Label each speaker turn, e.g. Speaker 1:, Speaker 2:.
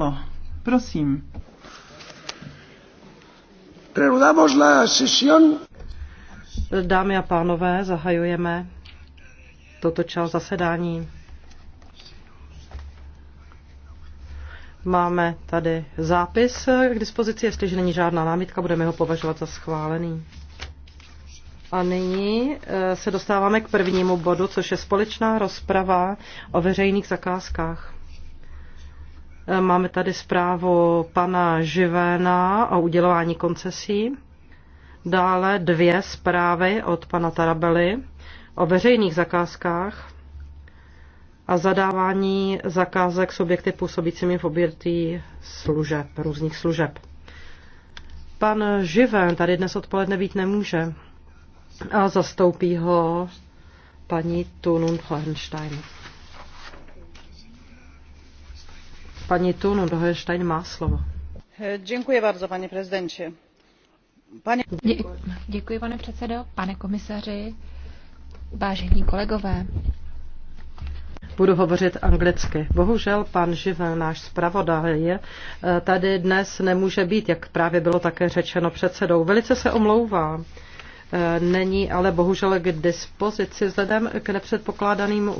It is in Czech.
Speaker 1: No, prosím. Dámy a pánové, zahajujeme toto část zasedání. Máme tady zápis k dispozici, jestliže není žádná námitka, budeme ho považovat za schválený. A nyní eh, se dostáváme k prvnímu bodu, což je společná rozprava o veřejných zakázkách. Eh, máme tady zprávu pana Živéna o udělování koncesí. Dále dvě zprávy od pana Tarabely o veřejných zakázkách a zadávání zakázek subjekty působícími v obětí služeb, různých služeb. Pan Živen tady dnes odpoledne být nemůže a zastoupí ho paní Tunun Hohenstein. Paní Tunu Doheštajn má slovo.
Speaker 2: Děkuji bardzo, pane prezidentě.
Speaker 1: Pane...
Speaker 3: Děkuji. pane předsedo, pane komisaři, vážení kolegové.
Speaker 1: Budu hovořit anglicky. Bohužel pan Živel, náš zpravodaj, eh, tady dnes nemůže být, jak právě bylo také řečeno předsedou. Velice se omlouvá. Eh, není ale bohužel k dispozici vzhledem k nepředpokládanému